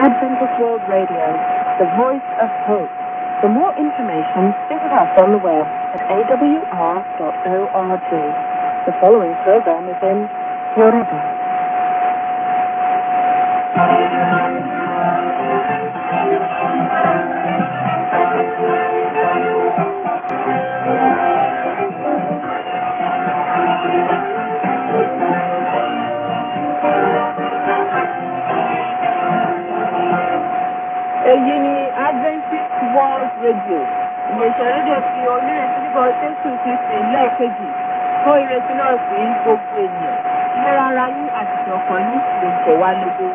Adventist World Radio, the voice of hope. For more information, visit us on the web at awr.org. The following program is in Florida. èyí ni adventist world radio ìgbésẹ̀ rédíò fi onírètí nígbà tẹ́sùn ti sìn lẹ́ẹ̀kejì kó ìrètí náà sí gbogbo ènìyàn ìlera ara yín àti ìṣọ̀kan yín ló ń tẹ̀wá lógún.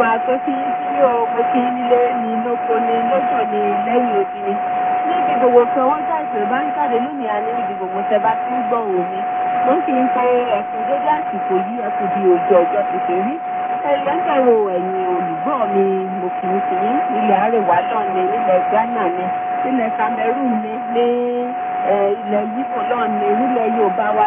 máa tó sí sílé o mo nílé ní lóko ní lọ́jọ́ ní lẹ́yìn òbí mi níbi gbogbo kan wọ́n ṣàìsàn bá ń jáde lónìí àní ibi gbogbo tẹ bá ti gbọ́ òun mi mo sì ń pe ẹ̀sùn dédé àsìkò yìí ẹ̀sùn di òjò ọjọ́ tuntun rí ẹlẹ́gbẹ̀rún ẹ̀yìn olùgbọ́ mi mo kì í sí ilẹ̀ àríwá náà ni nílẹ̀ Ghana ni nílẹ̀ Cameroon ni ní ilẹ̀ yípo náà ni nílẹ̀ Yorùbá wa